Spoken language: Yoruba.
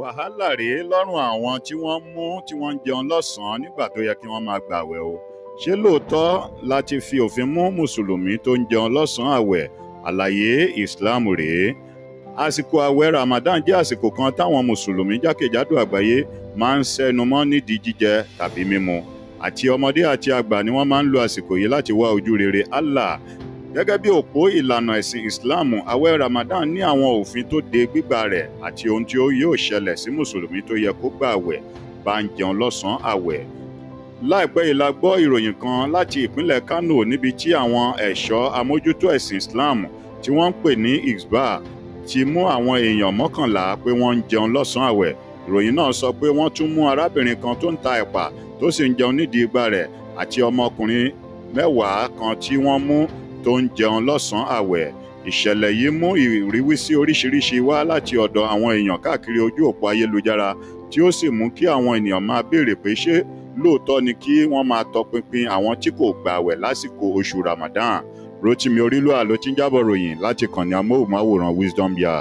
wàhálà rèé lọ́rùn àwọn tí wọ́n mú tí wọ́n ń jẹun lọ́sàn-án nígbà tó yẹ kí wọ́n máa gbààwẹ̀ o ṣé lóòótọ́ la fi òfin mú mùsùlùmí tó ń jẹun lọ́sàn-án àwẹ̀ àlàyé islam rèé àsìkò àwẹ̀ ramadan jẹ́ àsìkò kan táwọn mùsùlùmí jákèjádò àgbáyé máa ń sẹnumọ́ nídìí jíjẹ tàbí mímu àti ọmọdé àti àgbà ni wọ́n máa ń lo àsìkò yìí láti wá ojú rere allah gẹ́gẹ́ bí òpó ìlànà ẹ̀sìn islam àwẹ̀ ramadan ní àwọn òfin tó de gbígbà rẹ̀ àti ohun tí ó yóò ṣẹlẹ̀ sí mùsùlùmí tó yẹ kó gbà àwẹ̀ bá ń jẹun lọ́sàn-án àwẹ̀ láìpẹ́ yìí la gbọ́ ìròyìn kan láti ìpínlẹ̀ kano níbi tí àwọn ẹ̀ṣọ́ amójútó ẹ̀sìn islam tí wọ́n ń pè ní isba ti mú àwọn èèyàn mọ́kànlá pé wọ́n ń jẹun lọ́sàn-án àwẹ̀ ìròyìn náà sọ pé wọ́n tún mú arábìnrin kan tó ń ta ẹ̀pà tó sì ń jẹun nídìí igbá rẹ̀ àti ọmọkùnrin mẹ́wàá kan tí wọ́n mú tó ń jẹun lọ́sàn-án àwẹ̀ ìṣẹ̀lẹ̀ yìí mú ìrísí oríṣiríṣi wá láti ọ̀dọ̀ àwọn èèyàn káàkiri ojú òpó ayélujára tí ó sì mú kí àwọn ènìyàn máa béèrè pé ṣé lóòótọ́ ni kí wọ́n máa tọpinpin àwọn tí kò gbààwẹ̀ lásìkò oṣù Ramadan Rotimi Orílùwà ló ti ń jábọ̀ ròyìn láti kàn ní amóhùnmáwòrán Wisdom Yard.